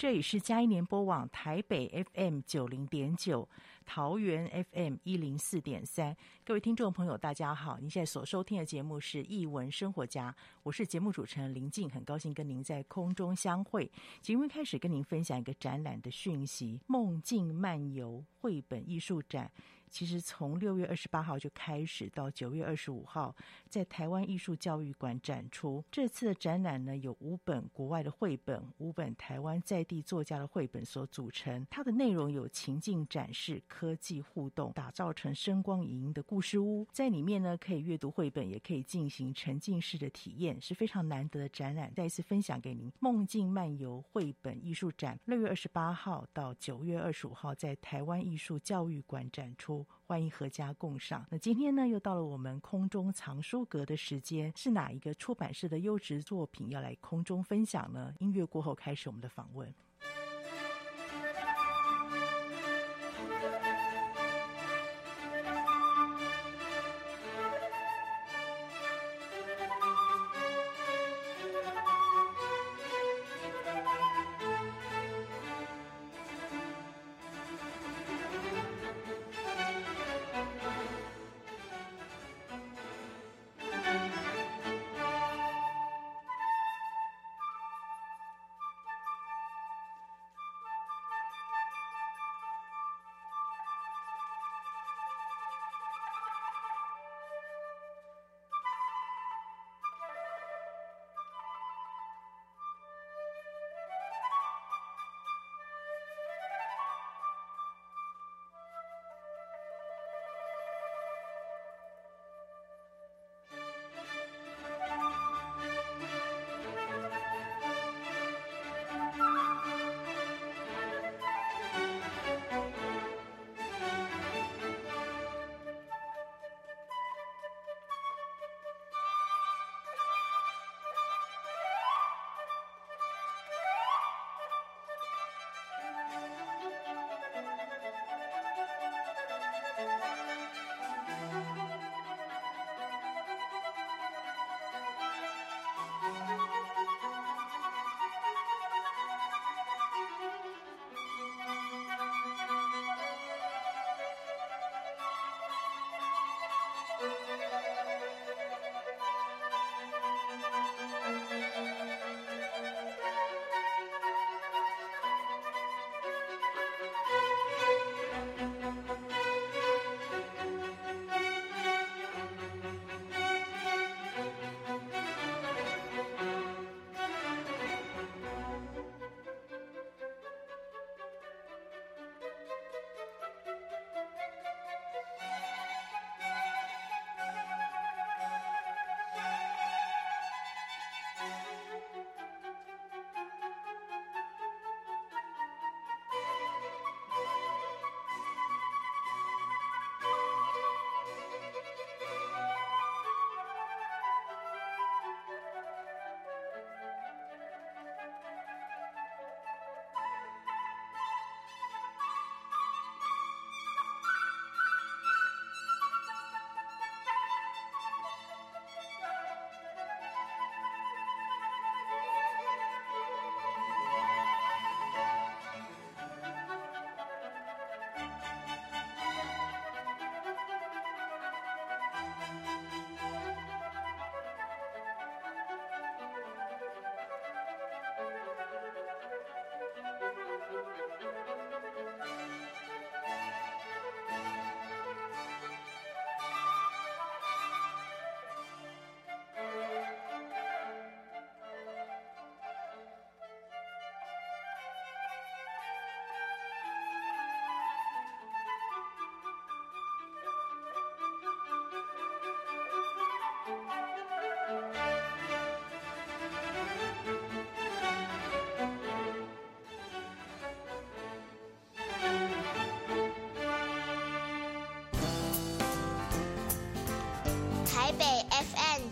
這裡是佳音聯播網台北 FM 九零點九，桃園 FM 一零四點三。各位聽眾朋友，大家好！您現在所收聽的節目是《藝文生活家》，我是節目主持人林靜，很高興跟您在空中相會。節目開始跟您分享一個展覽的訊息——《夢境漫遊》繪本藝術展。其實從六月二十八號就開始到9，到九月二十五號。在台灣藝術教育館展出。這次的展覽呢，有五本國外的繪本，五本台灣在地作家的繪本所組成。它的內容有情境展示、科技互動，打造成聲光影音的故事屋。在裡面呢，可以閱讀繪本，也可以進行沉浸式的體驗，是非常難得的展覽。再一次分享給您，《夢境漫遊繪本藝術展》，六月二十八號到九月二十五號，在台灣藝術教育館展出。歡迎闔家共賞。那今天呢，又到了我們空中藏書閣的時間，是哪一個出版社的優質作品要來空中分享呢？音樂過後開始我們的訪問。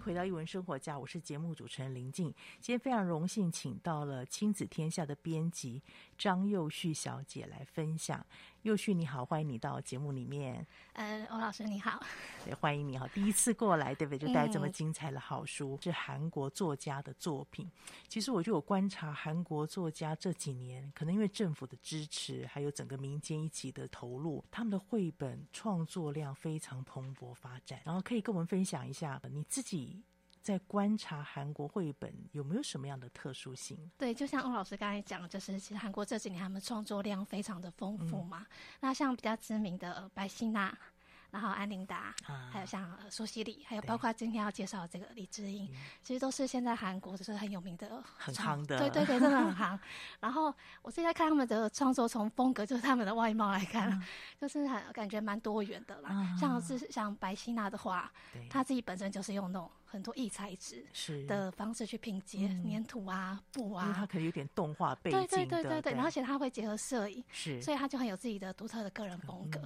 回到一文生活家，我是節目主持人林靜。今天非常榮幸，請到了《親子天下》的編輯張佑旭小姐來分享。佑旭你好，歡迎你到節目裡面。呃，歐老師你好，也歡迎你哈，第一次過來對不對？就帶這麼精彩的好書，嗯、是韓國作家的作品。其實我就有觀察韓國作家這幾年，可能因為政府的支持，還有整個民間一起的投入，他們的繪本創作量非常蓬勃發展。然後可以跟我們分享一下你自己，在觀察韓國繪本有沒有什麼樣的特殊性？對，就像歐老師剛才講，就是其實韓國這幾年他們創作量非常的豐富嘛。嗯、那像比較知名的白希娜。然後安琳達，還有像蘇西裡，還有包括今天要介紹的這個李智英，其實都是現在韓國就是很有名的，很行的，對對對，真的很行。然後我最近在看他們的創作，從風格就是他們的外貌來看，就是很感覺蠻多元的啦。像是像白希娜的話，他自己本身就是用那種很多異材質是的方式去拼接粘土啊布啊，她可能有點動畫背景的，對對對對對，而且她會結合攝影，是，所以她就很有自己的獨特的個人風格。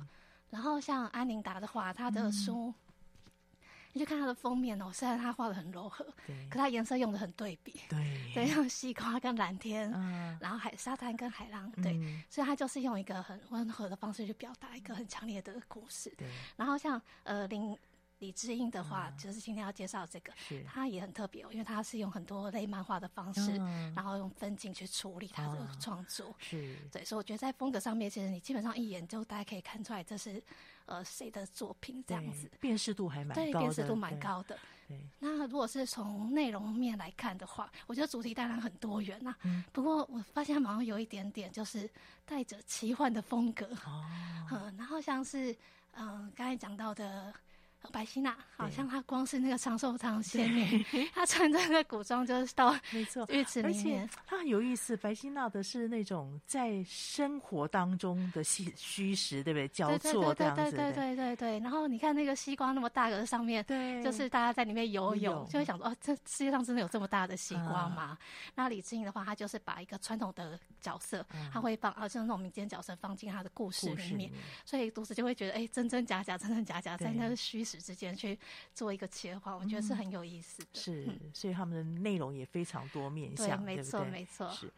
然後像安寧達的話，他的書，嗯、你去看他的封面哦、喔。雖然他畫的很柔和，對，可他顏色用的很對比，對，耶對，像西瓜跟藍天，嗯、然後海沙灘跟海浪，對，嗯、所以他就是用一個很溫和的方式去表達一個很強烈的故事，對。然後像呃林。李智英的話，嗯、就是今天要介紹這個，他是也很特別、哦，因為他是用很多類漫畫的方式，嗯、然後用分鏡去處理他的創作。對、嗯，所以我覺得在風格上面，其實你基本上一眼就大概可以看出來這是，呃，誰的作品這樣子，對，辨識度還蠻高，對，辨識度蠻高的。那如果是從內容面來看的話，我覺得主題當然很多元啊，嗯、不過我發現好像有一點點就是帶着奇幻的風格，哦、嗯，然後像是，嗯，剛才講到的。白希娜好像她光是那個長壽湯仙女、欸，對她穿着那個古裝就是到浴池裡面沒錯。而且她很有意思，白希娜的是那種在生活當中的虛虛實，對不對？交錯這樣子對對對對對對對。然後你看那個西瓜那麼大個上面，對，就是大家在裡面游泳，對就會想說哦，這世界上真的有這麼大的西瓜嗎？嗯、那李志英的話，他就是把一個傳統的角色，他、嗯、會放啊，就是那種民間角色放進他的故事裡面，裡面所以讀者就會覺得哎、欸，真真假假，真真假假，在那個虛實。之間去做一個切換，嗯、我覺得是很有意思的。是，所以他們的內容也非常多面向，對不對？沒錯、嗯，沒錯。是，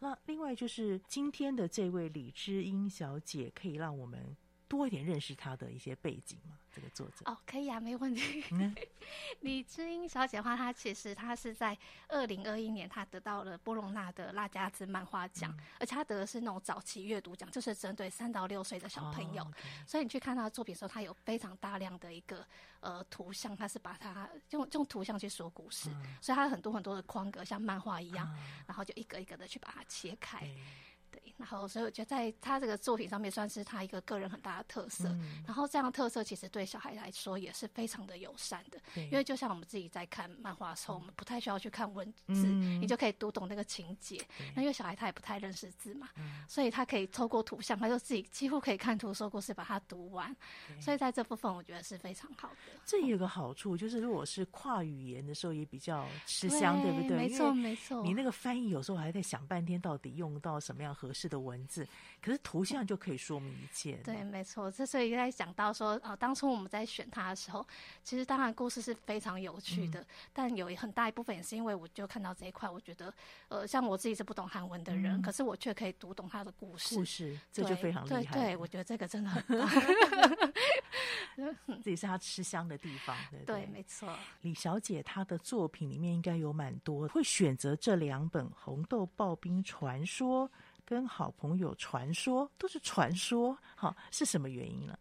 那另外就是今天的這位李知英小姐，可以讓我們多一點認識她的一些背景嗎？這個作者哦，可以啊，沒有問題。嗯、 李知英小姐的話，她其實她是在二零二一年，她得到了波隆納的拉加茲漫畫獎，嗯、而且她得的是那種早期閱讀獎，就是針對三到六歲的小朋友。哦 okay、所以你去看她的作品的時候，她有非常大量的一個呃圖像，她是把它用用圖像去說故事，嗯、所以她有很多很多的框格像漫畫一樣，嗯、然後就一個一個的去把它切開。然後，所以我覺得在他這個作品上面，算是他一個個人很大的特色。然後，這樣的特色其實對小孩來說也是非常的友善的，因為就像我們自己在看漫畫的時候，我們不太需要去看文字，你就可以讀懂那個情節。那因為小孩他也不太認識字嘛，所以他可以透過圖像，他就自己幾乎可以看圖說故事把它讀完。所以在這部分，我覺得是非常好的。這也有個好處，就是如果是跨語言的時候也比較吃香，對不對？沒錯沒錯。你那個翻譯有時候還在想半天，到底用到什麼樣和合適的文字，可是圖像就可以說明一切。對，沒錯。之所以在想到說，哦、啊，當初我們在選它的時候，其實當然故事是非常有趣的，嗯、但有很大一部分也是因為我就看到這一塊，我覺得，呃，像我自己是不懂韓文的人，嗯、可是我卻可以讀懂它的故事。故事這就非常厲害。對。對，我覺得這個真的，這也是他吃香的地方。對，對，對，沒錯。李小姐她的作品裡面應該有蠻多會選擇這兩本《紅豆刨冰傳說》。跟好朋友傳說都是傳說，哈、哦，是什麼原因呢？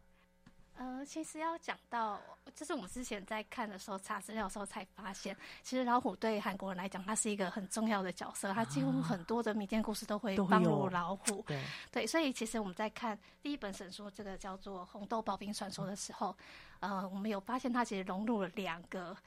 呃，其實要講到，就是我們之前在看的時候查資料的時候才發現，其實老虎對韓國人來講，它是一個很重要的角色，它、啊、幾乎很多的民間故事都會幫助老虎。對，對，所以其實我們在看第一本神書，這個叫做《紅豆刨冰傳說》的時候，嗯、呃，我們有發現它其實融入了兩個。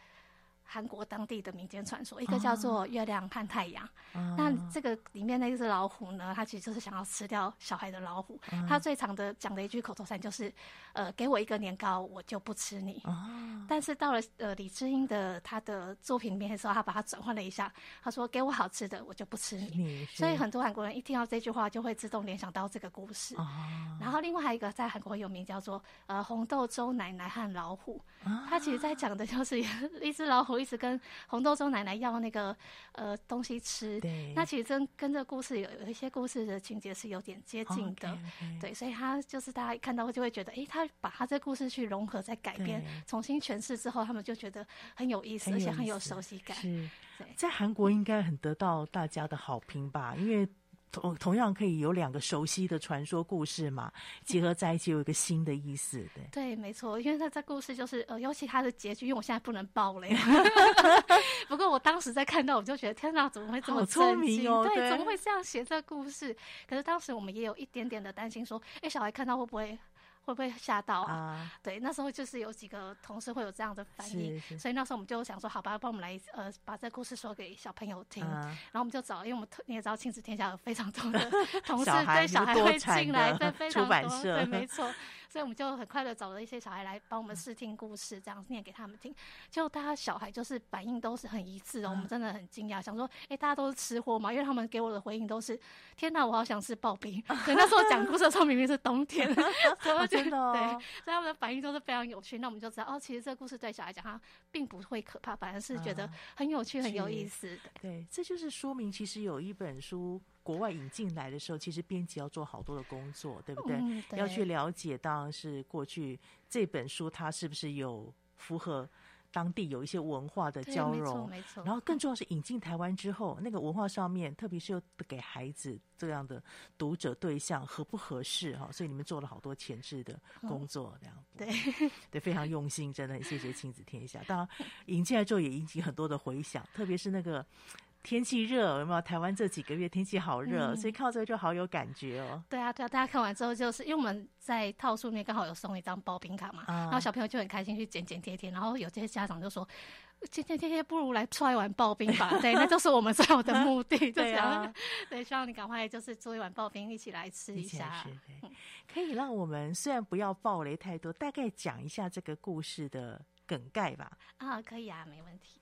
韓國當地的民間傳說，一個叫做《月亮和太陽》uh。Huh. 那這個裡面那隻老虎呢，它其實就是想要吃掉小孩的老虎。它，uh huh. 最常的講的一句口頭禪就是：“呃，給我一個年糕，我就不吃你。Uh ” huh. 但是到了呃李智英的他的作品裡面的時候，他把它轉換了一下，他說：“給我好吃的，我就不吃你。你”所以很多韓國人一聽到這句話，就會自動聯想到這個故事。Uh huh. 然後另外還有一個在韓國有名，叫做“呃紅豆粥奶奶和老虎”。啊、他其實在講的就是一只老虎一直跟紅豆粥奶奶要那個呃東西吃。對。那其實跟跟這個故事有有一些故事的情節是有點接近的。Oh, okay, okay. 對。所以他就是大家一看到就會覺得，哎、欸，他把他這故事去融合、再改編、對重新詮釋之後，他們就覺得很有意思，而且很有熟悉感。是。對在韓國應該很得到大家的好評吧，因為。同同樣可以有兩個熟悉的傳說故事嘛，結合在一起，有一個新的意思。對， 對，沒錯，因為他這故事就是呃，尤其他的結局，因為我現在不能爆雷。 不過我當時在看到，我就覺得天哪，怎麼會這麼聰明哦？對，對，怎麼會這樣寫這故事？可是當時我們也有一點點的擔心，說，哎，小孩看到會不會？會不會嚇到啊？Uh, 對，那時候就是有幾個同事會有這樣的反應，所以那時候我們就想說，好吧，幫我們來呃，把這個故事說給小朋友聽。Uh, 然後我們就找，因為我們你也知道，親子天下有非常多的同事， 小孩對小孩會進來，對非常多，出版社對沒錯，所以我們就很快的找了一些小孩來幫我們試聽故事，嗯、這樣念給他們聽。就大家小孩就是反應都是很一致的、喔，嗯、我們真的很驚訝，想說，哎、欸，大家都是吃貨嘛，因為他們給我的回應都是，天哪、啊，我好想吃刨冰。所以那時候講故事的時候明明是冬天。 所以真的、哦，對，所以他們的反應都是非常有趣。那我們就知道，哦，其實這個故事對小孩講，他並不會可怕，反而是覺得很有趣，啊，很有意思。對，對，這就是說明，其實有一本書國外引進來的時候，其實編輯要做好多的工作，對不對？嗯、對，要去了解當然是過去這本書它是不是有符合。當地有一些文化的交融，對，沒錯，沒錯。然後更重要是引進台灣之後，嗯、那個文化上面，特別是又給孩子這樣的讀者對象合不合適哈、哦，所以你們做了好多前置的工作，哦、這樣對對，對 非常用心，真的，謝謝《親子天下》。當然引進來之後也引起很多的回響，特別是那個。天氣熱有沒有？台灣這幾個月天氣好熱，嗯、所以靠這個就好有感覺哦、喔。對啊，對啊，大家看完之後就是因為我們在套書裡面剛好有送一張刨冰卡嘛，嗯、然後小朋友就很開心去剪剪貼貼，然後有這些家長就說：“剪剪貼貼不如來剉一碗刨冰吧。” 對，那就是我們所有的目的， 對啊，對，希望你趕快就是做一碗刨冰一起來吃一下一。可以讓我們雖然不要爆雷太多， 大概講一下這個故事的梗概吧。啊，可以啊，沒問題。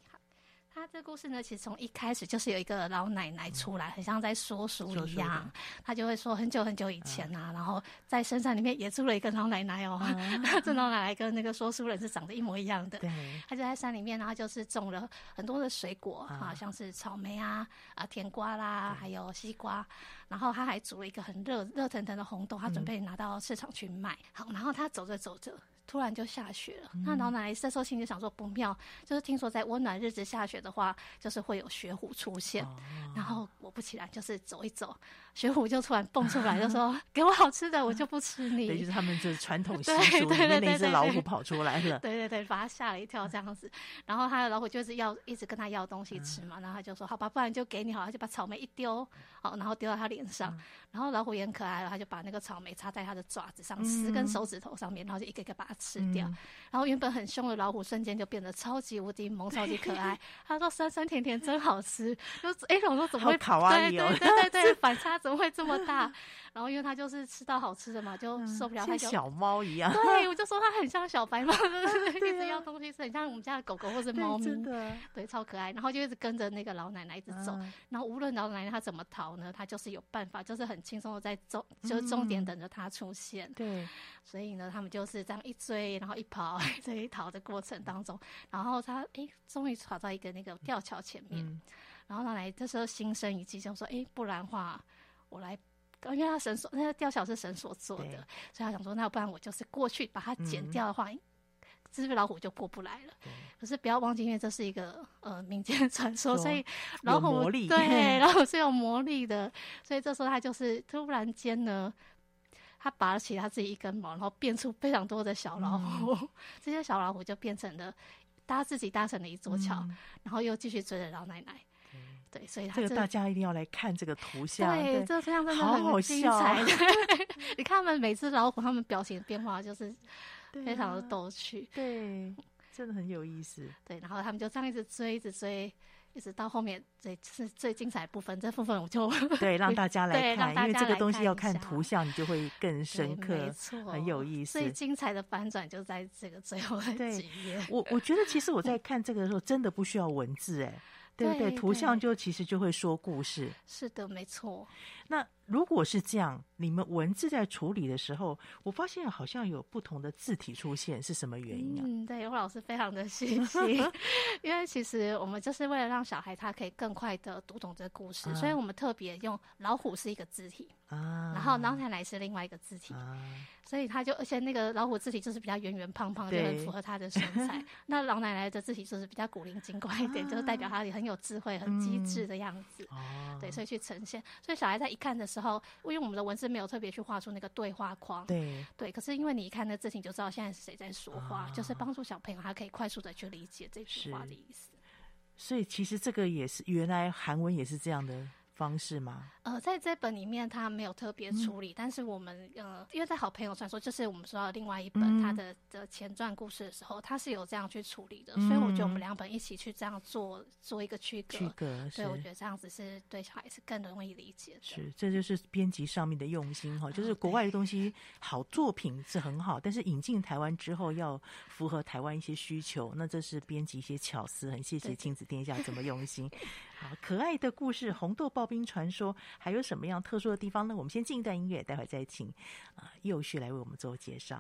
那、啊、這個故事呢，其實從一開始就是有一個老奶奶出來，嗯、很像在說書一樣。他就會說很久很久以前啊，啊然後在深山裡面也住了一個老奶奶哦，啊、哈哈這老奶奶跟那個說書人是長得一模一樣的。對，他就在山裡面，然後就是種了很多的水果啊，像是草莓啊、啊、呃、甜瓜啦，啊、還有西瓜。然後他還煮了一個很熱熱騰騰的紅豆，他準備拿到市場去賣。嗯、好，然後他走着走着。突然就下雪了，嗯、那老奶奶這時候心裡想說不妙，就是聽說在溫暖日子下雪的話，就是會有雪虎出現，哦啊、然後果不其然就是走一走，老虎就突然蹦出來，就說：“給我好吃的，我就不吃你。”等於是他們就是傳統習俗，那那隻老虎跑出來了，對對對，把他嚇了一跳這樣子。然後他的老虎就是要一直跟他要東西吃嘛，然後他就說：“好吧，不然就給你。”好，他就把草莓一丟，好，然後丟到他臉上。然後老虎也很可愛，他就把那個草莓插在他的爪子上，十根手指頭上面，然後就一個一個把它吃掉。然後原本很凶的老虎瞬間就變得超級無敵萌，超級可愛。他說：“酸酸甜甜真好吃。”就哎，我說怎麼會跑啊？對對對，反差。怎麼會這麼大， 然後因為它就是吃到好吃的嘛，就受不了它、嗯。像小貓一樣，對，我就說它很像小白貓， 對啊、一直要東西吃，很像我們家的狗狗或是貓咪，對,真的啊、對，超可愛。然後就一直跟着那個老奶奶一直走，嗯、然後無論老奶奶她怎麼逃呢，她就是有辦法，就是很輕鬆的在終，就是終點等着它出現。嗯嗯對，所以呢，他們就是這樣一追，然後一跑，這 一,一逃的過程當中，嗯、然後它哎，終於跑到一個那個吊橋前面，嗯、然後它來，這時候心生一計，就說哎、欸，不然的話。我來，因為他繩索，那個吊橋是繩索做的，對所以他想說，那不然我就是過去把它剪掉的話，嗯、這隻老虎就過不來了。對可是不要忘記，因為這是一個呃民間傳說，說所以老虎對，老虎是有魔力的，嗯、所以這時候他就是突然間呢，他拔了起他自己一根毛，然後變出非常多的小老虎，嗯、 這些小老虎就變成了他自己搭成了一座橋，嗯、然後又繼續追着老奶奶。對，所以他這個大家一定要來看這個圖像。對，對這個圖像真的很好，好笑，笑。你看他們每隻老虎，他們表情的變化就是非常的逗趣對、啊。對，真的很有意思。對，然後他們就這樣一直追，一直追，一直到後面最、就是最精彩的部分，這部分我就對讓大家來看，來看因為這個東西要看圖像，你就會更深刻，沒錯，很有意思。最精彩的反轉就在這個最後的幾頁。我我覺得其實我在看這個的時候，真的不需要文字哎、欸。對對，圖像就其實就會說故事。對對，是的，沒錯。那。如果是這樣，你們文字在處理的時候，我發現好像有不同的字體出現，是什麼原因啊？嗯，對，吳老師非常的細心，因為其實我們就是為了讓小孩他可以更快的讀懂這個故事，所以我們特別用老虎是一個字體啊，然後老奶奶是另外一個字體，所以他就而且那個老虎字體就是比較圓圓胖胖，就很符合他的身材。那老奶奶的字體就是比較古靈精怪一點，就是代表他也很有智慧、很機智的樣子，對，所以去呈現，所以小孩在一看的時候。然後，因為我們的文字沒有特別去畫出那個對話框，對，對。可是因為你一看那字形，就知道現在是誰在說話，啊、就是幫助小朋友他可以快速的去理解這句話的意思。所以其實這個也是原來韓文也是這樣的方式嗎？呃，在這本裡面，他沒有特別處理，嗯、但是我們呃，因為在《好朋友傳說》就是我們說到另外一本、嗯、他的的前傳故事的時候，他是有這樣去處理的，嗯、所以我覺得我們兩本一起去這樣做做一個區隔，區隔，對，是我覺得這樣子是對小孩是更容易理解的。是，這就是編輯上面的用心哈，就是國外的東西好、哦、好作品是很好，但是引進台灣之後要符合台灣一些需求，那這是編輯一些巧思，很謝謝親子天下這麼用心。對好，可愛的故事《紅豆刨冰傳說》。還有什麼樣特殊的地方呢？我們先進一段音樂，待會再請啊佑旭來為我們做介紹。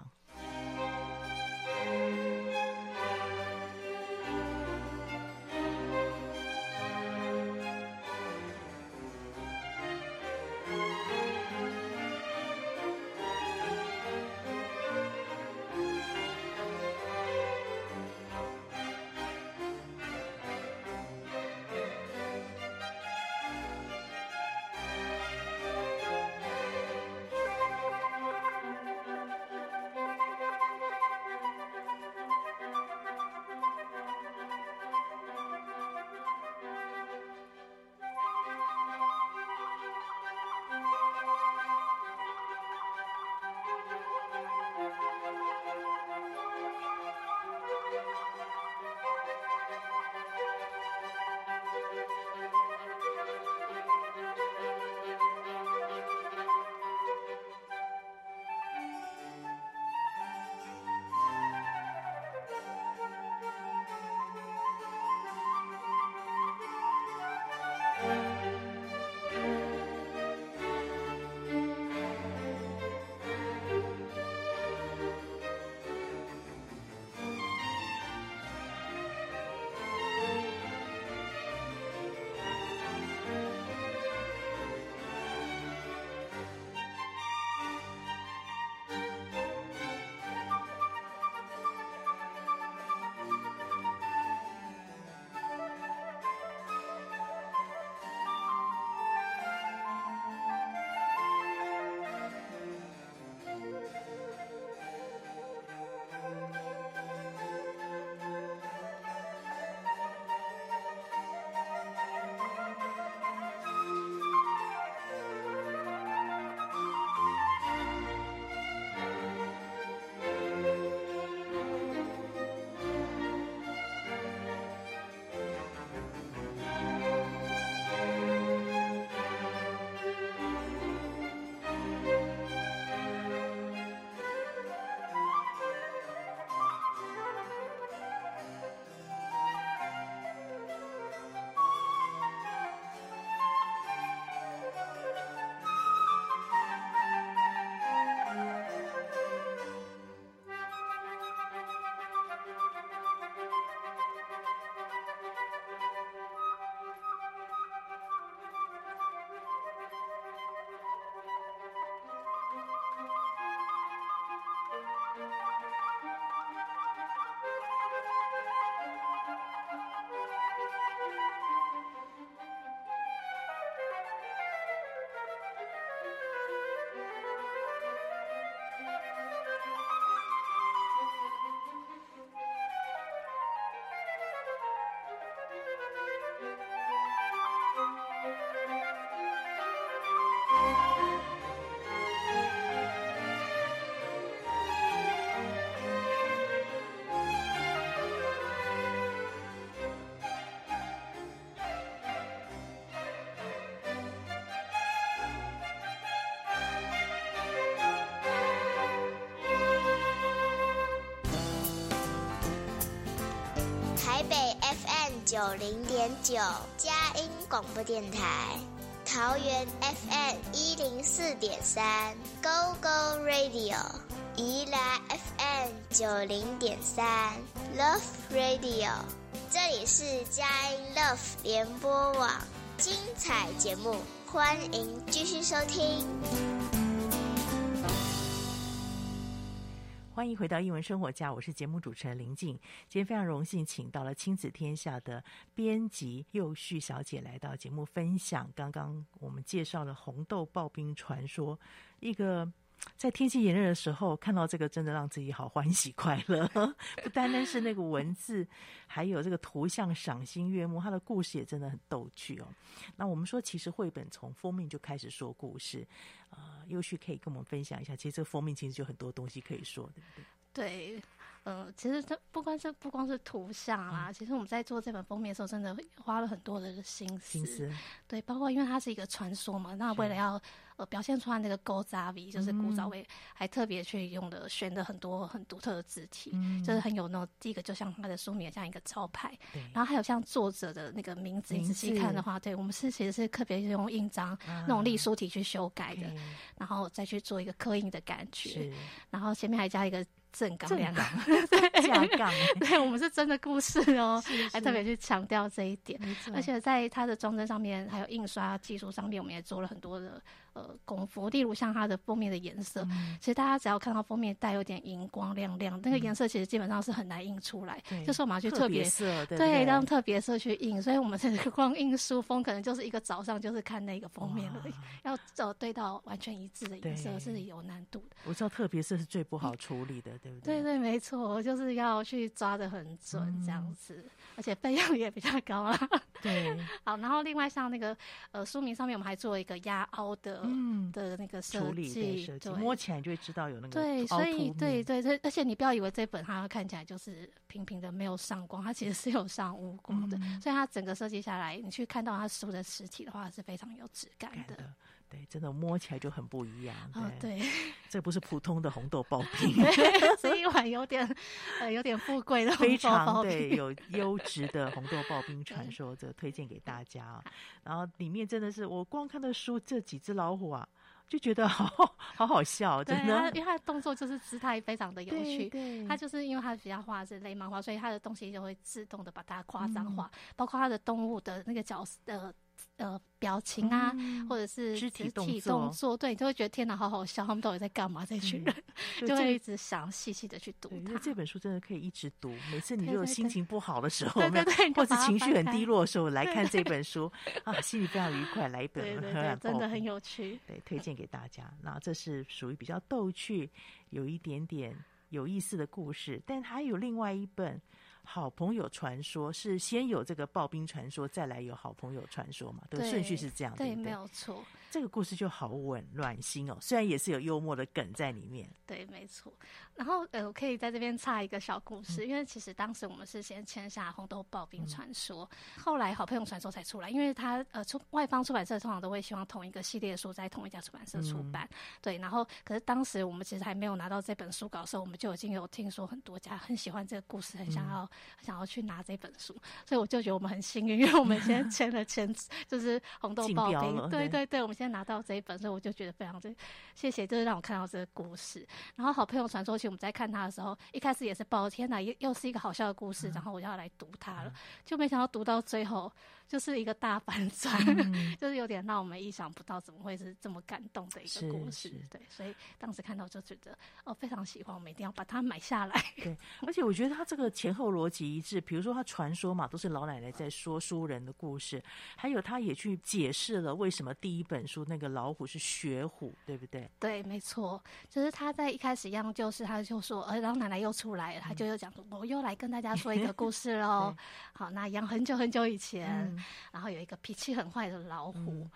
九零點九佳音廣播電台，桃園 FM 一零四點三，Go Go Radio，宜蘭 FM 九零點三，Love Radio，這裡是佳音 Love 聯播網，精彩節目，歡迎繼續收聽。歡迎回到《英文生活家》，我是節目主持人林靜。今天非常榮幸，請到了《親子天下》的編輯佑旭小姐來到節目，分享剛剛我們介紹的紅豆刨冰傳說。一個。在天氣炎熱的時候，看到這個真的讓自己好歡喜快樂， 不單單是那個文字，還有這個圖像賞心悅目。它的故事也真的很逗趣哦。那我們說，其實繪本從封面就開始說故事，啊、呃，佑旭可以跟我們分享一下，其實這個封面其實就很多東西可以說，對不對？對。嗯，其實它不光是不光是圖像啦，其實我們在做這本封面的時候，真的花了很多的心思。對，包括因為它是一個傳說嘛，那為了要呃表現出來那個古早味，就是古早味，還特別去用的選了很多很獨特的字體，就是很有那種第一個就像它的書名像一個招牌。然後還有像作者的那個名字，你仔細看的話，對我們是其實是特別用印章那種隸書體去修改的，然後再去做一個刻印的感覺。然後前面還加一個。正槓兩槓，對，加槓，對，我們是真的故事哦、喔，是是還特別去強調這一點，是是而且在它的裝幀上面，沒錯，還有印刷技術上面，我們也做了很多的。呃，功夫，例如像它的封面的顏色，其實大家只要看到封面帶有點熒光亮亮，那個顏色其實基本上是很難印出來，就是我們要去特別色，對，用特別色去印，所以我們這個光印書封可能就是一個早上就是看那個封面，要找對到完全一致的顏色是有難度的。我知道特別色是最不好處理的，對不對？對對，沒錯，就是要去抓得很準這樣子，而且費用也比較高啊。對，好，然後另外像那個呃書名上面，我們還做一個壓凹的。嗯，的那個設計，就對摸起來就會知道有那個。對，所以，對，對，對，而且你不要以為這本它看起來就是平平的，沒有上光，它其實是有上無光的，嗯、所以它整個設計下來，你去看到它書的實體的話，是非常有質感的。感的對，真的摸起來就很不一樣。對，哦、對這不是普通的紅豆刨冰，這對 一碗有點呃有點富貴的紅豆刨冰，對，有優質的紅豆刨冰傳說，這推薦給大家。對然後裡面真的是，我光看到書這幾隻老虎啊，就覺得好好好笑，真的，因為它的動作就是姿態非常的有趣。對，對它就是因為它比較畫是類漫畫，所以它的東西就會自動的把它誇張化，嗯、包括它的動物的那個角色的。呃，表情啊，或者是肢體動作，對，你就會覺得天哪，好好笑！他們到底在幹嘛？這群人就會一直想細細的去讀，因為這本書真的可以一直讀。每次你如果心情不好的時候，或者情緒很低落的時候來看這本書，啊，心裡非常愉快。來一本，真的很有趣，對，推薦給大家。那這是屬於比較逗趣、有一點點有意思的故事，但還有另外一本。好朋友傳說，是先有這個刨冰傳說，再來有好朋友傳說嘛？對，順序是這樣，對不對，對，對？沒有錯，這個故事就好溫暖心哦。雖然也是有幽默的梗在裡面，對，沒錯。然後呃，我可以在這邊插一個小故事，嗯、因為其實當時我們是先簽下《紅豆刨冰傳說》嗯，後來《好朋友傳說》才出來，因為他呃出外方出版社通常都會希望同一個系列的書在同一家出版社出版，嗯、對。然後，可是當時我們其實還沒有拿到這本書稿的時候，我們就已經有聽說很多家很喜歡這個故事，很想要、嗯、想要去拿這本書，所以我就覺得我們很幸運，因為我們先簽了簽 就是紅豆刨冰，對對對，我們現在拿到這一本，所以我就覺得非常的謝謝，就是讓我看到這個故事。然後《好朋友傳說》其實。我們在看他的時候，一開始也是抱天哪，啊，又又是一個好笑的故事。嗯，然後我就要來讀他了，嗯，就沒想到讀到最後。就是一個大反轉，嗯嗯 就是有點讓我們意想不到，怎麼會是這麼感動的一個故事？對，所以當時看到就覺得哦，非常喜歡，我們一定要把它買下來。對，而且我覺得它這個前後邏輯一致，比如說它傳說嘛，都是老奶奶在說書人的故事，還有他也去解釋了為什麼第一本書那個老虎是雪虎，對不對？對，沒錯，就是他在一開始一樣，就是他就說，呃，老奶奶又出來了，他、嗯、就又講，我又來跟大家說一個故事嘍。 對好，那一樣很久很久以前。嗯然後有一個脾氣很壞的老虎，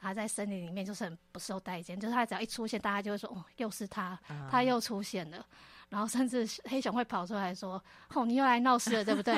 他、嗯、在森林裡面就是很不受待見，就是他只要一出現，大家就會說哦，又是他，嗯、他又出現了。然後甚至黑熊會跑出來說哦，你又來鬧事了， 對不對？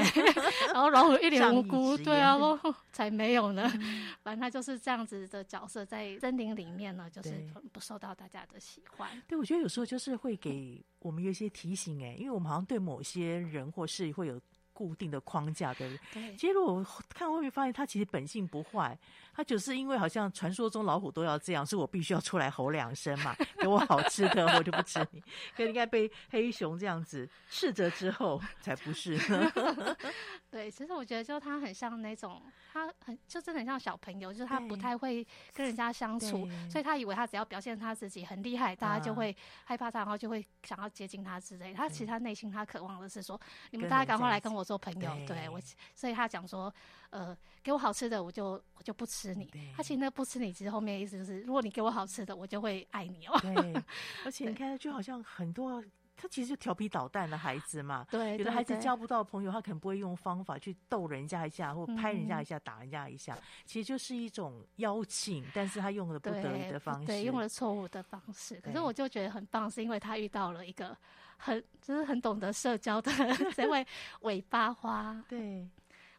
然後老虎一臉無辜，對啊對，才沒有呢。嗯、反正他就是這樣子的角色，在森林裡面呢，就是不受到大家的喜歡。對，對，我覺得有時候就是會給我們有一些提醒哎，因為我們好像對某些人或事會有。固定的框架，對不對？對，其實我看後面發現，他其實本性不壞，他就是因為好像傳說中老虎都要這樣，是我必須要出來吼兩聲嘛， 給我好吃的， 我就不吃你。可是應該被黑熊這樣子斥責之後，才不是。 對，其實我覺得，就他很像那種，他很，就真的很像小朋友，就是他不太會跟人家相處，對所以他以為他只要表現他自己很厲害，對大家就會害怕他，然後就會想要接近他之類的。嗯，他其實他內心他渴望的是說，人你們大家趕快來跟我。我做朋友，對，對我，所以他講說，呃，給我好吃的，我就我就不吃你。對他其實那個不吃你，其實後面的意思就是，如果你給我好吃的，我就會愛你哦。 對，而且你看，就好像很多、啊、他其實就調皮搗蛋的孩子嘛，對，有的孩子交不到朋友，對對對，他可能不會用方法去逗人家一下，或拍人家一下，嗯、打人家一下，其實就是一種邀請，但是他用了不得已的方式，對，對，用了錯誤的方式。對可是我就覺得很棒，是因為他遇到了一個。很，就是很懂得社交的這位尾巴花。 對，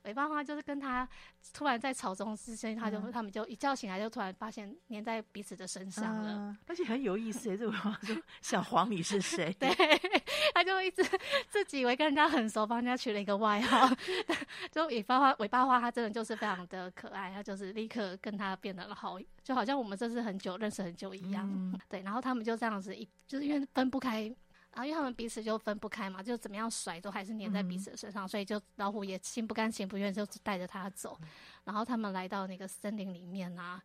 尾巴花就是跟他突然在草中之間，他就、嗯、他們就一覺醒來，就突然發現黏在彼此的身上了。嗯、而且很有意思，這尾巴花說：“小 黃你是誰？”對，他 就一直自己以為跟人家很熟，幫人家取了一個外號。 就尾巴花，尾巴花，他真的就是非常的可愛。他就是立刻跟他變得好，就好像我們這是很久認識很久一樣。嗯、對，然後他們就這樣子一，就是因為分不開。然後、啊、因為他們彼此就分不開嘛，就怎麼樣甩都還是粘在彼此的身上，嗯嗯所以就老虎也心不甘情不願，就帶着他走。然後他們來到那個森林裡面啊，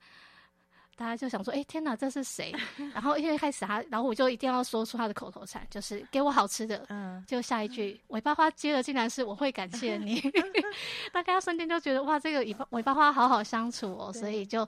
大家就想說：哎、欸，天哪，這是誰？ 然後因為一開始他老虎就一定要說出他的口頭禪，就是給我好吃的。嗯，就下一句，嗯、尾巴花接了竟然是：我會感謝你。 大家瞬間就覺得哇，這個尾巴尾巴花好好相處哦，對所以就。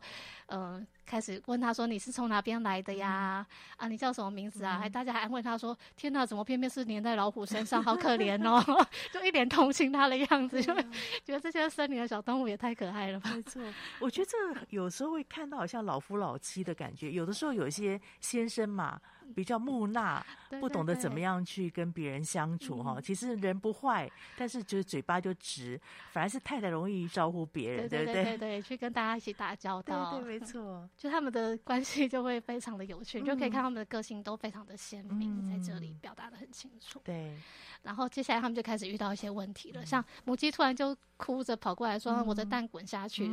嗯、呃，開始問他說：“你是從哪邊來的呀？嗯、啊，你叫什麼名字啊？”還、嗯、大家還安慰他說：“天哪，怎麼偏偏是黏在老虎身上？ 好可憐哦！” 就一臉同情他的樣子，因為、 啊、覺得這些森林的小動物也太可愛了吧。沒錯， 我覺得這有時候會看到好像老夫老妻的感覺。有的時候有一些先生嘛。比較木訥，不懂得怎麼樣去跟別人相處哈。其實人不壞，但是就是嘴巴就直，反而是太太容易招呼別人，對不對？對對對，去跟大家一起打交道，對對沒錯。就他們的關係就會非常的有趣，就可以看他們的個性都非常的鮮明，在這裡表達得很清楚。對。然後接下來他們就開始遇到一些問題了，像母雞突然就哭着跑過來說：“我的蛋滾下去。”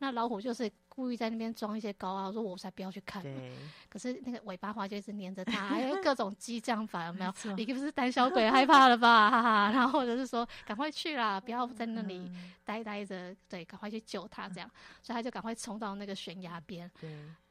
那老虎就是。故意在那邊裝一些高傲、啊，我說我才不要去看對，可是那個尾巴花就一直黏着他，還有、 哎、各種激將法，有沒有？沒錯，你不是膽小鬼，害怕了吧 哈哈。然後或者是說，趕快去啦，不要在那裡呆呆着，嗯、對，趕快去救他，這樣。嗯、所以他就趕快衝到那個懸崖邊。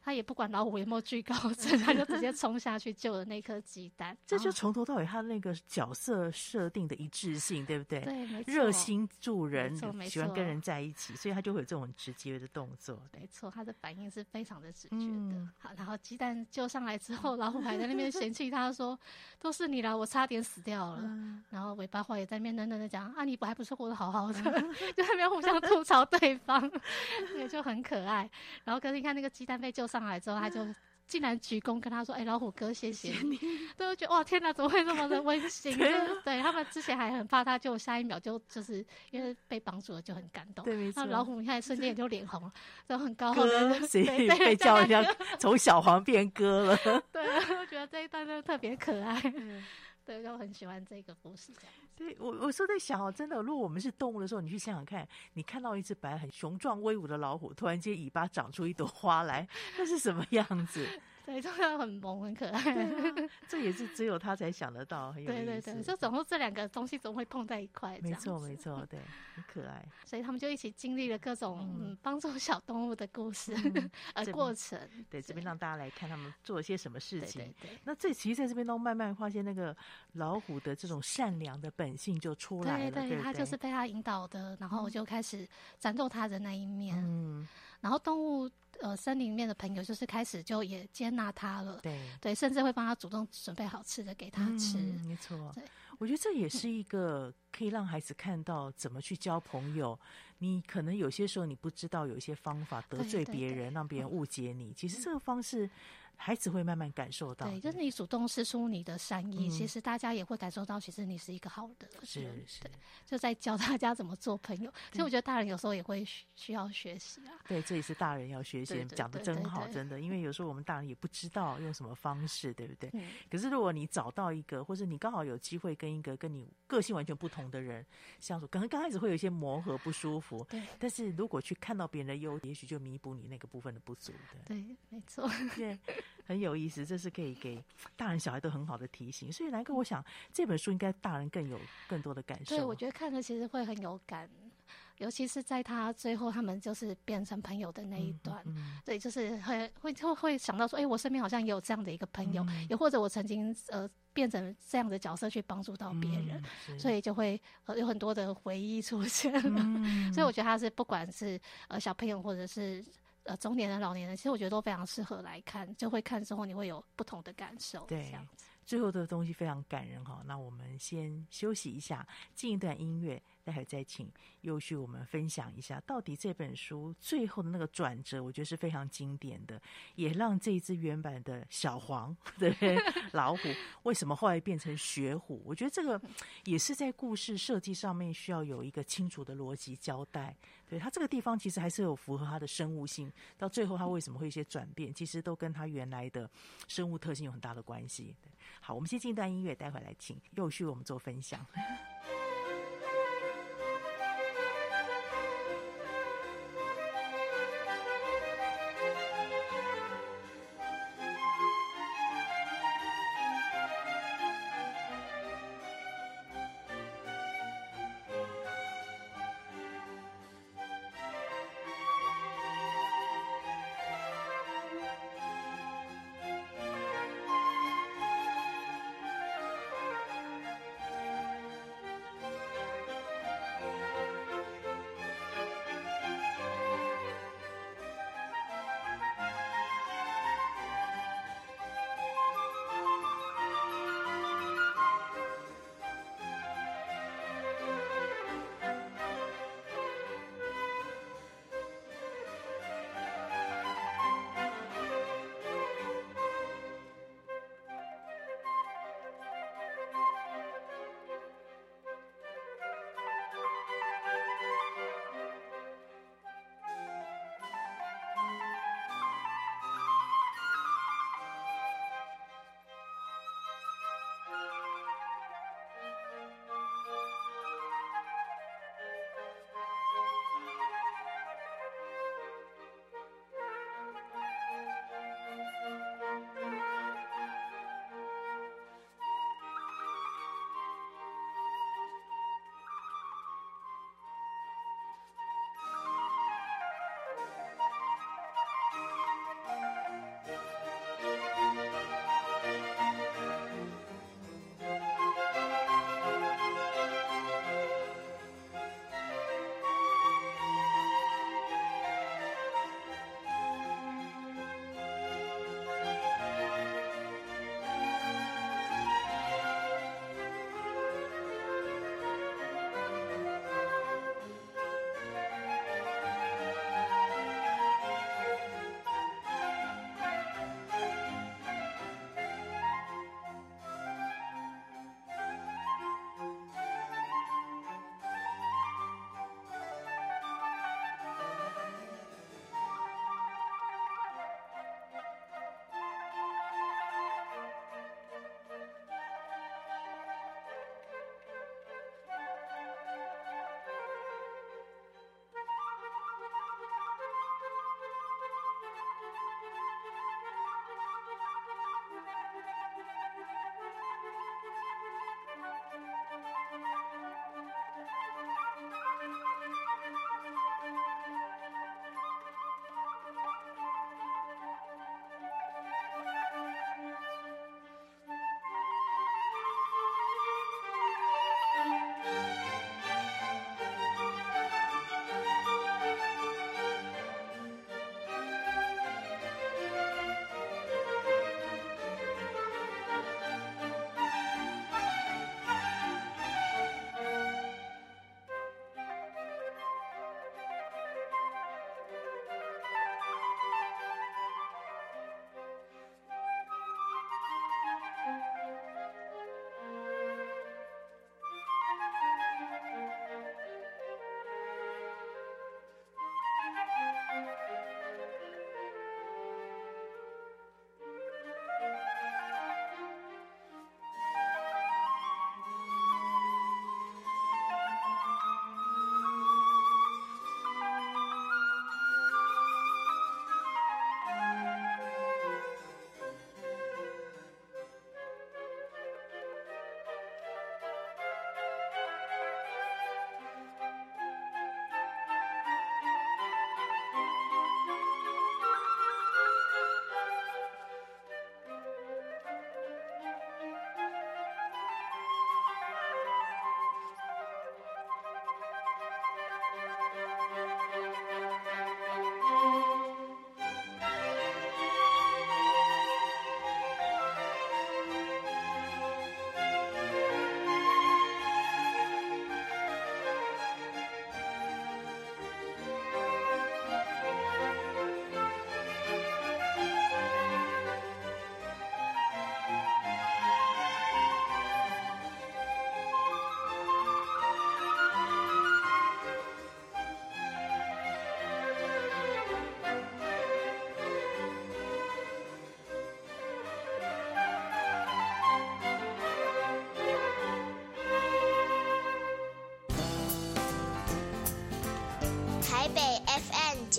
他也不管老虎有沒有懼高症，所以他就直接衝下去救了那顆雞蛋。這就從頭到尾他那個角色設定的一致性，對不對？對，沒錯。熱心助人，喜歡跟人在一起，所以他就會有這種直接的動作。沒錯，他的反應是非常的直覺的。好，然後雞蛋救上來之後，老虎還在那邊嫌棄他說：“都是你了，我差點死掉了。”然後尾巴花也在那邊冷冷的講：“啊，你不還不是活得好好的？”就在那邊互相吐槽對方，對，就很可愛。然後可是你看那個雞蛋被救。上來之後，他就竟然鞠躬跟他說：“哎、欸，老虎哥，謝謝你。謝謝你”，都覺得哇，天哪、啊，怎麼會這麼的溫馨？ 對，他們之前還很怕他，就下一秒就就是因為被幫助了，就很感動。對，沒錯。那老虎現在瞬間就臉紅了，對就很高興，歌被叫一下，從小黃變哥了。對，我覺得這一段就特別可愛。嗯所以我很喜歡這個故事。對我，我說在想哦，真的，如果我們是動物的時候，你去想想看，你看到一只白、很雄壯威武的老虎，突然間尾巴長出一朵花來， 那是什麼樣子？ 最重要很萌很可愛，這也是只有他才想得到，很有意思。對對對，就總是這兩個東西總會碰在一塊。沒錯沒錯，對，很可愛。所以他們就一起經歷了各種幫助小動物的故事呃過程。對，這邊讓大家來看他們做了些什麼事情。那這其實在這邊都慢慢發現，那個老虎的這種善良的本性就出來了。對對，他就是被他引導的，然後就開始展露他的那一面。嗯，然後動物。呃，森林裡面的朋友就是開始就也接納他了，對對，甚至會幫他主動準備好吃的給他吃，嗯、沒錯。對，我覺得這也是一個可以讓孩子看到怎麼去交朋友。嗯、你可能有些時候你不知道有一些方法得罪別人，對對對，讓別人誤解你。嗯、其實這個方式。孩子會慢慢感受到，對，就是你主動釋出你的善意，其實大家也會感受到，其實你是一個好人，是，是，就在教大家怎麼做朋友。所以我覺得大人有時候也會需要學習啊。對，這也是大人要學習，講得真好，真的，因為有時候我們大人也不知道用什麼方式，對不對？可是如果你找到一個，或者你剛好有機會跟一個跟你個性完全不同的人相處，可能剛開始會有一些磨合不舒服，對。但是如果去看到別人的優點，也許就彌補你那個部分的不足。對，沒錯。對。很有意思，這是可以給大人小孩都很好的提醒。所以，難怪，我想這本書應該大人更有更多的感受。對，我覺得看了其實會很有感，尤其是在他最後他們就是變成朋友的那一段。對、嗯，嗯、所以就是會會會想到說，哎、欸，我身邊好像也有這樣的一個朋友，嗯、也或者我曾經呃變成這樣的角色去幫助到別人，嗯、所以就會有很多的回憶出現了。嗯、 所以，我覺得他是不管是呃小朋友或者是。呃，中年人、老年人，其實我覺得都非常適合來看，就會看之後你會有不同的感受這樣子。對，最後的東西非常感人哈、哦。那我們先休息一下，進一段音樂。待會再請佑旭我們分享一下，到底這本書最後的那個轉折，我覺得是非常經典的，也讓這一只原版的小黃對 老虎為什麼後來變成雪虎，我覺得這個也是在故事設計上面需要有一個清楚的邏輯交代。對，它這個地方其實還是有符合它的生物性，到最後它為什麼會一些轉變，其實都跟它原來的生物特性有很大的關係。好，我們先進一段音樂，待會來請佑旭我們做分享。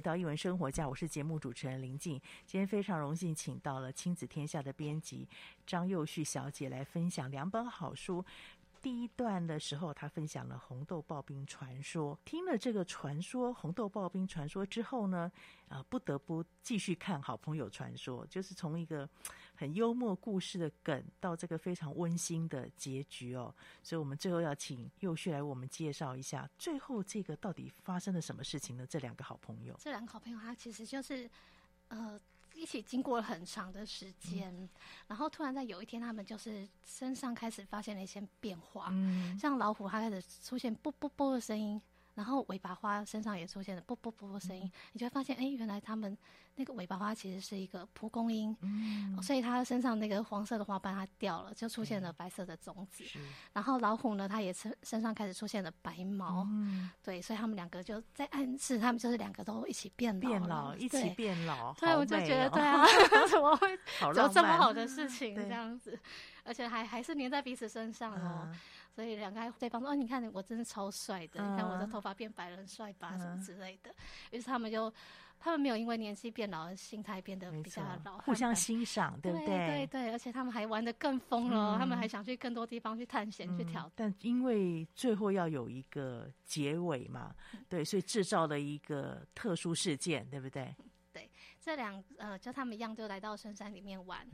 到藝文生活家，我是節目主持人林靜。今天非常榮幸，請到了《親子天下》的編輯張佑旭小姐來分享兩本好書。第一段的時候，她分享了《紅豆刨冰傳說》。聽了這個傳說《紅豆刨冰傳說》之後呢，啊，不得不繼續看好朋友傳說，就是從一個。很幽默故事的梗到這個非常溫馨的結局哦，所以我們最後要請佑旭來為我們介紹一下最後這個到底發生了什麼事情呢？這兩個好朋友，這兩個好朋友他其實就是呃一起經過了很長的時間，嗯、然後突然在有一天他們就是身上開始發現了一些變化，嗯、像老虎它開始出現啵啵啵的聲音。然後尾巴花身上也出現了啵啵啵啵聲音，嗯、你就會發現，哎，原來他們那個尾巴花其實是一個蒲公英，嗯哦、所以它身上那個黃色的花瓣它掉了，就出現了白色的種子。然後老虎呢，它也是身上開始出現了白毛，嗯、對，所以他們兩個就在暗示，他們就是兩個都一起變老，變老，一起變老。所以對、哦、我就覺得，對啊， 怎麼會有這麼好的事情這樣子，而且還還是黏在彼此身上哦。呃所以兩個還對方說：“哦，你看我真是超帥的，嗯、你看我的頭髮變白了，很帥吧？嗯、什麼之類的。”於是他們就，他們沒有因為年紀變老而心態變得比較老，互相欣賞，對不對？對，對對，而且他們還玩得更瘋了，嗯、他們還想去更多地方去探險、嗯、去挑戰、嗯。但因為最後要有一個結尾嘛，對，所以制造、嗯、造了一個特殊事件，對不對？這兩呃，叫、嗯、他們一樣就來到深山裡面玩，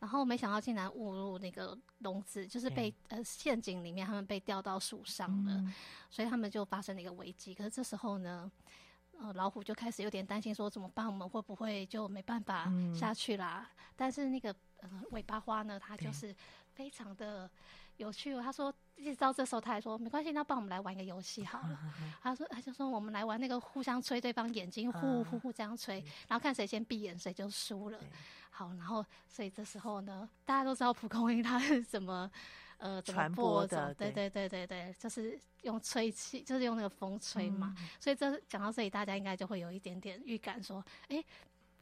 然後沒想到竟然誤入那個籠子，就是被 Okay. 呃，陷阱裡面，他們被吊到樹上了，所以他們就發生了一個危機。可是這時候呢，呃，老虎就開始有點擔心說，說怎麼辦？我們會不會就沒辦法下去啦？Okay. 但是那個、呃、尾巴花呢，它就是非常的，有趣、哦，他說，一直到這時候，他還說沒關係，那幫我們來玩一個遊戲好了。 他說，他就說我們來玩那個互相吹對方眼睛互，呼呼呼這樣吹，然後看誰先閉眼，誰對就輸了。好，然後所以這時候呢，大家都知道蒲公英它是怎麼，呃，傳播，播的？對對對對對，就是用吹氣，就是用那個風吹嘛。嗯、所以這講到這裡，大家應該就會有一點點預感，說，哎、欸，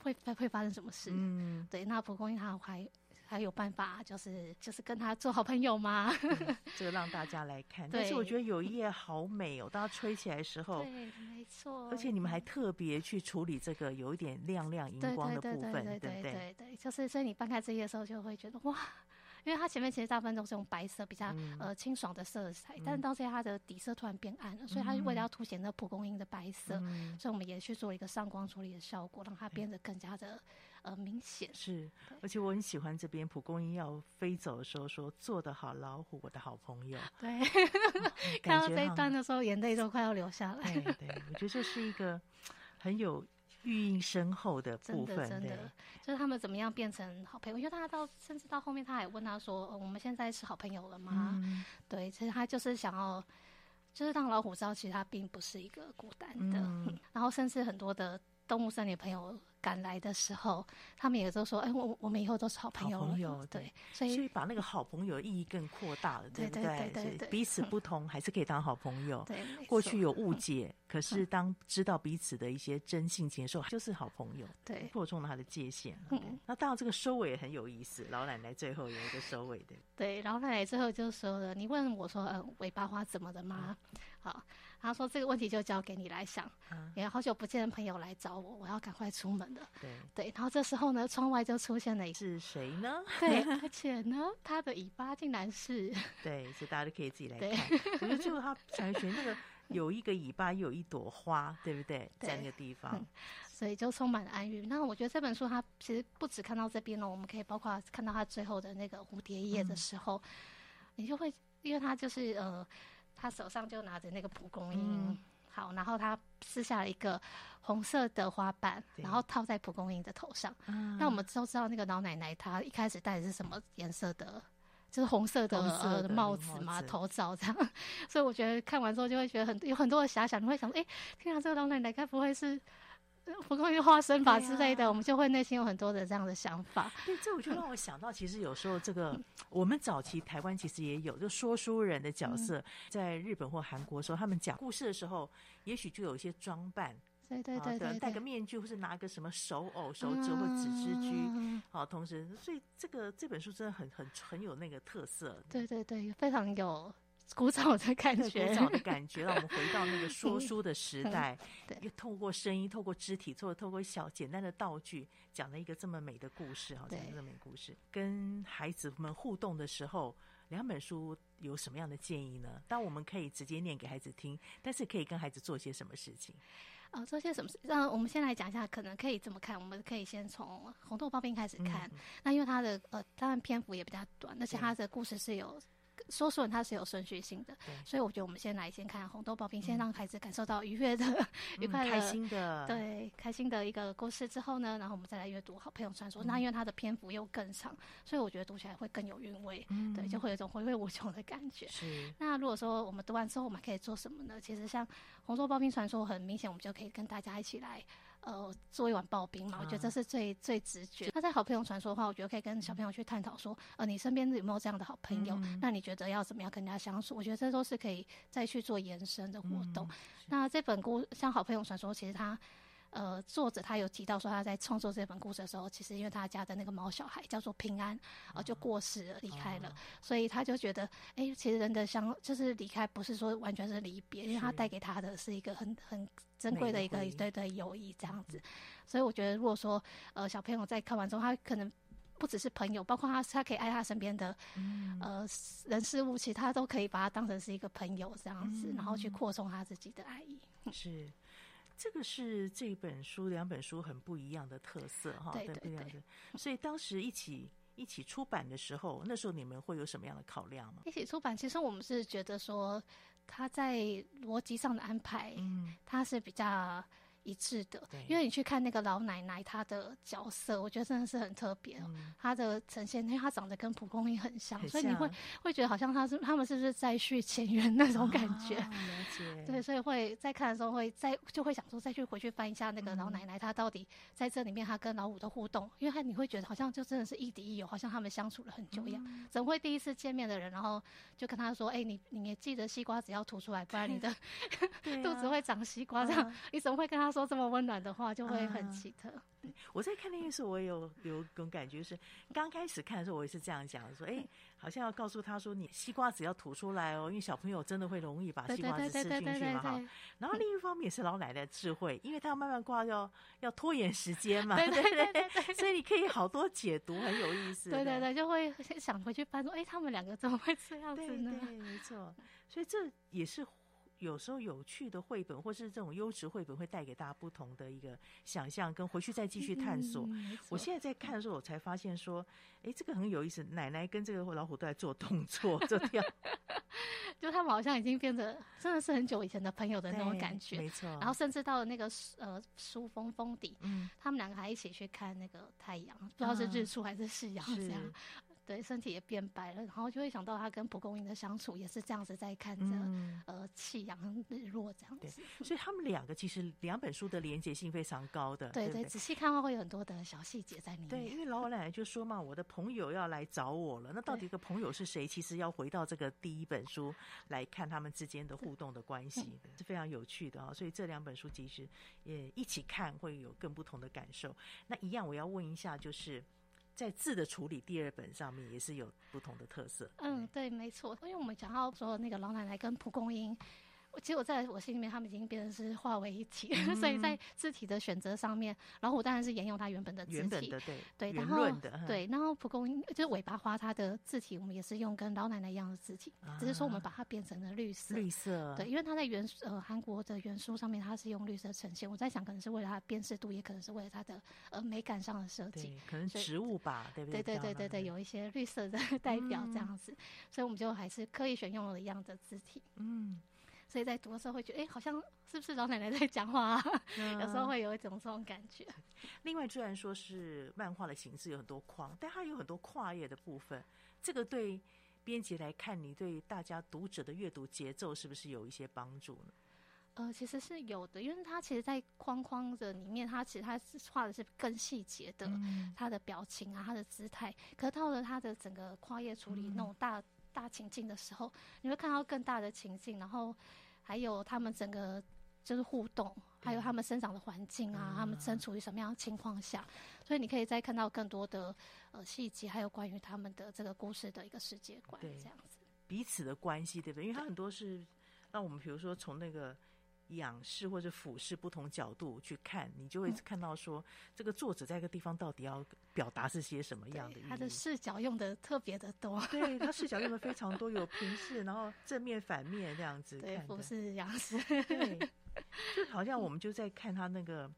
會會發會發生什麼事？嗯，對，那蒲公英它還。還有辦法，就是就是跟他做好朋友嗎？嗯、這個讓大家來看。 對但是我覺得有一頁好美哦、喔，當它吹起來的時候。對，沒錯。而且你們還特別去處理這個有一點亮亮熒光的部分，對對、對、對、對、對、對、對對？對對就是所以你翻開這頁的時候就會覺得哇，因為它前面其實大部分都是用白色比較、嗯、呃清爽的色彩，但是到現在它的底色突然變暗了，嗯、所以它為了要凸顯那蒲公英的白色，嗯、所以我們也去做一個上光處理的效果，讓它變得更加的。嗯很、呃、明顯是，對而且我很喜歡這邊蒲公英要飛走的時候說做得好，老虎我的好朋友。對，嗯、 看到這一段的時候，眼淚都快要流下來。欸、對， 我覺得這是一個很有寓意深厚的部分。真的，真的，對就是他們怎麼樣變成好朋友？因為大家到甚至到後面，他還問他說、呃：“我們現在是好朋友了嗎？”嗯、對，其、就、實、是、他就是想要，就是讓老虎知道，其實他並不是一個孤單的。嗯、然後，甚至很多的。動物山的朋友趕來的時候，他們也都說：“哎，我我們以後都是好朋友了。”對，所以所以把那個好朋友的意義更擴大了，對對對，彼此不同還是可以當好朋友。對，過去有誤解，可是當知道彼此的一些真性情的時候，就是好朋友。對，擴充了他的界限。嗯，那到這個收尾也很有意思。老奶奶最後有一個收尾的。對，老奶奶最後就說：“了你問我說尾巴花怎麼的嗎？”好，他說這個問題就交給你來想。也好久不見的朋友來找我，我要趕快出門了。對，對。然後這時候呢，窗外就出現了一，是誰呢？對，而且呢，他的尾巴竟然是…… 對，所以大家都可以自己來看。對可是就是他想學那個，有一個尾巴又有一朵花，對不對？對在那個地方，嗯、所以就充滿了暗喻。那我覺得這本書，他其實不只看到這邊呢，我們可以包括看到他最後的那個蝴蝶頁的時候，嗯、你就會，因為他就是呃。他手上就拿着那個蒲公英，嗯、好，然後他撕下了一個紅色的花瓣，對然後套在蒲公英的頭上。嗯、那我們都知道那個老奶奶她一開始戴的是什麼顏色的，就是紅色的帽子嘛，紅紅頭罩這樣。所以我覺得看完之後就會覺得很有很多的遐想，你會想，哎、欸，天、啊、這個老奶奶該不會是？不過是化身法之類的，啊、我們就會內心有很多的這樣的想法。對，這我就讓我想到，其實有時候這個、嗯、我們早期台灣其實也有，就說書人的角色，嗯、在日本或韓國的時候，他們講故事的時候，也許就有一些裝扮，對，對對對，戴、啊啊、個面具，或是拿個什麼手偶、手指或紙芝居，好、嗯啊，同時，所以這個這本書真的很很很有那個特色。對對對，非常有。古早的感覺，對 古早的感覺，讓我們回到那個說書的時代， 嗯、又透過聲音，透過肢體，透過小簡單的道具，講了一個這麼美的故事，好，講一個這麼美的故事。跟孩子們互動的時候，兩本書有什麼樣的建議呢？當我們可以直接念給孩子聽，但是可以跟孩子做些什麼事情？啊、呃、做些什麼事？那我們先來講一下，可能可以這麼看，我們可以先從《紅豆刨冰》開始看。嗯嗯那因為它的呃，當然篇幅也比較短，而且它的故事是有。說書它是有順序性的，對所以我覺得我們先來先看紅豆刨冰，嗯、先讓孩子感受到愉悅的、愉快的、嗯、開心的，對，開心的一個故事之後呢，然後我們再來閱讀好朋友傳說。嗯、那因為它的篇幅又更長，所以我覺得讀起來會更有韻味，嗯、對，就會有種回味無窮的感覺。是。那如果說我們讀完之後，我們還可以做什麼呢？其實像紅豆刨冰傳說，很明顯我們就可以跟大家一起來。呃，做一碗刨冰嘛，啊、我覺得這是最最直覺。那在好朋友傳說的話，我覺得可以跟小朋友去探討說，嗯、呃，你身邊有沒有這樣的好朋友？嗯、那你覺得要怎麼樣跟人家相處？我覺得這都是可以再去做延伸的活動。嗯、那這本故像好朋友傳說，其實它。呃，作者他有提到說，他在創作這本故事的時候，其實因為他家的那個毛小孩叫做平安，呃，就過世了，離開了，啊、所以他就覺得，哎、欸，其實人的相就是離開，不是說完全是離別，是因為他帶給他的是一個很很珍貴的一個對的,的友誼這樣子。所以我覺得，如果說呃小朋友在看完之後，他可能不只是朋友，包括他他可以愛他身邊的、嗯、呃人事物，其實他都可以把他當成是一個朋友這樣子，嗯、然後去擴充他自己的愛意。是。這個是這本書兩本書很不一樣的特色哈，對對對，所以當時一起一起出版的時候，那時候你們會有什麼樣的考量嗎？一起出版，其實我們是覺得說，它在邏輯上的安排，嗯，它是比較。一致的，因為你去看那個老奶奶她的角色，我覺得真的是很特別、喔。嗯、她的呈現，因為她長得跟蒲公英很像，所以你會會覺得好像她是他們是不是再續前緣那種感覺？哦、對，所以會在看的時候會再就會想說再去回去翻一下那個老奶奶她到底在這裡面她跟老五的互動，因為她你會覺得好像就真的是亦敵亦友，好像他們相處了很久一樣，嗯、怎麼會第一次見面的人然後就跟他說，哎、欸，你你也記得西瓜籽要吐出來，不然你的、 啊、肚子會長西瓜這樣，你怎麼會跟他？他說這麼溫暖的話就會很奇特。啊、我在看電視，我也有有種感覺、就是，是剛開始看的時候，我也是這樣講，說：“哎、欸，好像要告訴他說，你西瓜籽要吐出來哦，因為小朋友真的會容易把西瓜籽吃進去嘛。”哈。然後另一方面也是老奶奶智慧， 因為她要慢慢掛，要要拖延時間嘛， 對對對，對？ 所以你可以好多解讀，很有意思。對，對對對，就會想回去翻說：“哎、欸，他們兩個怎麼會這樣子呢？”對對對，沒錯，所以這也是。有時候有趣的繪本，或是這種優質繪本，會帶給大家不同的一個想象，跟回去再繼續探索。嗯、我現在在看的時候，我才發現說，哎、欸，這個很有意思，奶奶跟這個老虎都在做動作，就這樣， 就他們好像已經變得真的是很久以前的朋友的那種感覺。沒錯，然後甚至到了那個呃書封封底，嗯，他們兩個還一起去看那個太陽，不知道是日出還是夕陽，這樣。嗯對，身體也變白了，然後就會想到他跟蒲公英的相處也是這樣子，在看着、嗯、呃夕陽日落這樣子。對，所以他們兩個其實兩本書的連結性非常高的。對，對對，仔細看的話會有很多的小細節在裡面。對，因為老奶奶就說嘛，我的朋友要來找我了。 那到底一個朋友是誰？其實要回到這個第一本書來看他們之間的互動的關係對是非常有趣的啊、哦。所以這兩本書其實也一起看會有更不同的感受。那一樣我要問一下就是。在字的處理，第二本上面也是有不同的特色。嗯，對，沒錯，因為我們講到說那個老奶奶跟蒲公英。其實我在我心裡面，他們已經變成是化為一體，所以在字體的選擇上面，老虎當然是沿用它原本的字體，對，對，然後對，然後蒲公英就是尾巴花，它的字體我們也是用跟老奶奶一樣的字體，只是說我們把它變成了綠色，綠色，對，因為它在原呃韓國的原書上面，它是用綠色呈現。我在想，可能是為了它的辨識度，也可能是為了它的呃美感上的設計，可能植物吧，對不對？對對對對對，有一些綠色的代表這樣子，所以我們就還是刻意選用了一樣的字體，嗯。所以在讀的時候會覺得，哎、欸，好像是不是老奶奶在講話啊？嗯、 有時候會有一種這種感覺。另外，雖然說是漫畫的形式有很多框，但它有很多跨頁的部分。這個對編輯來看，你對大家讀者的閱讀節奏是不是有一些幫助呢？呃，其實是有的，因為它其實，在框框的裡面，它其實它是畫的是更細節的，嗯、它的表情啊，它的姿態，可是到了它的整個跨頁處理那種大。嗯大情境的時候，你會看到更大的情境，然後還有他們整個就是互動，對還有他們生長的環境啊，嗯、他們身處於什麼樣的情況下，所以你可以再看到更多的呃細節，還有關於他們的這個故事的一個世界觀對這樣子。彼此的關係對不對？因為它很多是，對那我們譬如說從那個，仰視或者俯視，不同角度去看，你就會看到說，這個作者在一個地方到底要表達是些什麼樣的、嗯？他的視角用的特別的多，對，他視角用的非常多，有平視，然後正面、反面這樣子，對，俯視、仰視，對，就好像我們就在看他那個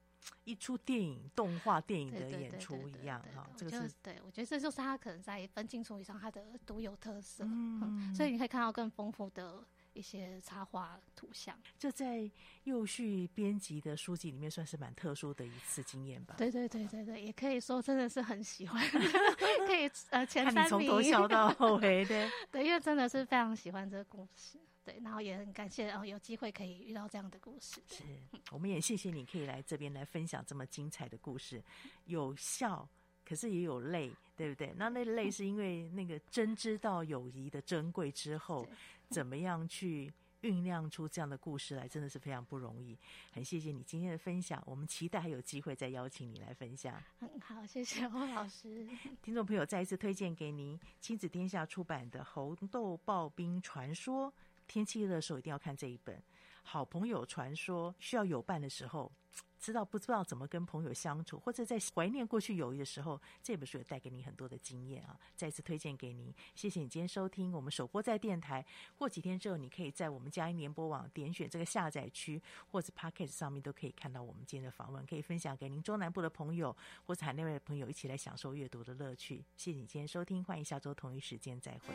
一出電影、嗯、動畫電影的演出一樣，哈、哦，這個是我對我覺得這就是他可能在分鏡處理上他的獨有特色，嗯，嗯，所以你可以看到更豐富的一些插畫圖像，這在幼續編輯的書籍裡面算是蠻特殊的一次經驗吧。對對對對對，也可以說真的是很喜歡， 可以呃前三名。看你從頭笑到後尾的，對， 對，因為真的是非常喜歡這個故事。對，然後也很感謝，然、呃、後有機會可以遇到這樣的故事。是，我們也謝謝你可以來這邊來分享這麼精彩的故事，有效。可是也有淚，對不對？那那淚是因為那個真知道友誼的珍貴之後，怎麼樣去醞釀出這樣的故事來，真的是非常不容易。很謝謝你今天的分享，我們期待還有機會再邀請你來分享。很好，謝謝歐老師。聽眾朋友，再一次推薦給您《親子天下》出版的《紅豆刨冰傳說》，天氣熱的時候一定要看這一本。好朋友傳說需要有伴的時候。知道不知道怎麼跟朋友相處，或者在懷念過去友誼的時候，這本書也帶給你很多的經驗啊！再次推薦給您，謝謝你今天收聽我們首播在電台。過幾天之後，你可以在我們佳音聯播網點選這個下載區或者 Podcast 上面都可以看到我們今天的訪問，可以分享給您中南部的朋友或者海內外的朋友一起來享受閱讀的樂趣。謝謝你今天收聽，歡迎下周同一時間再會。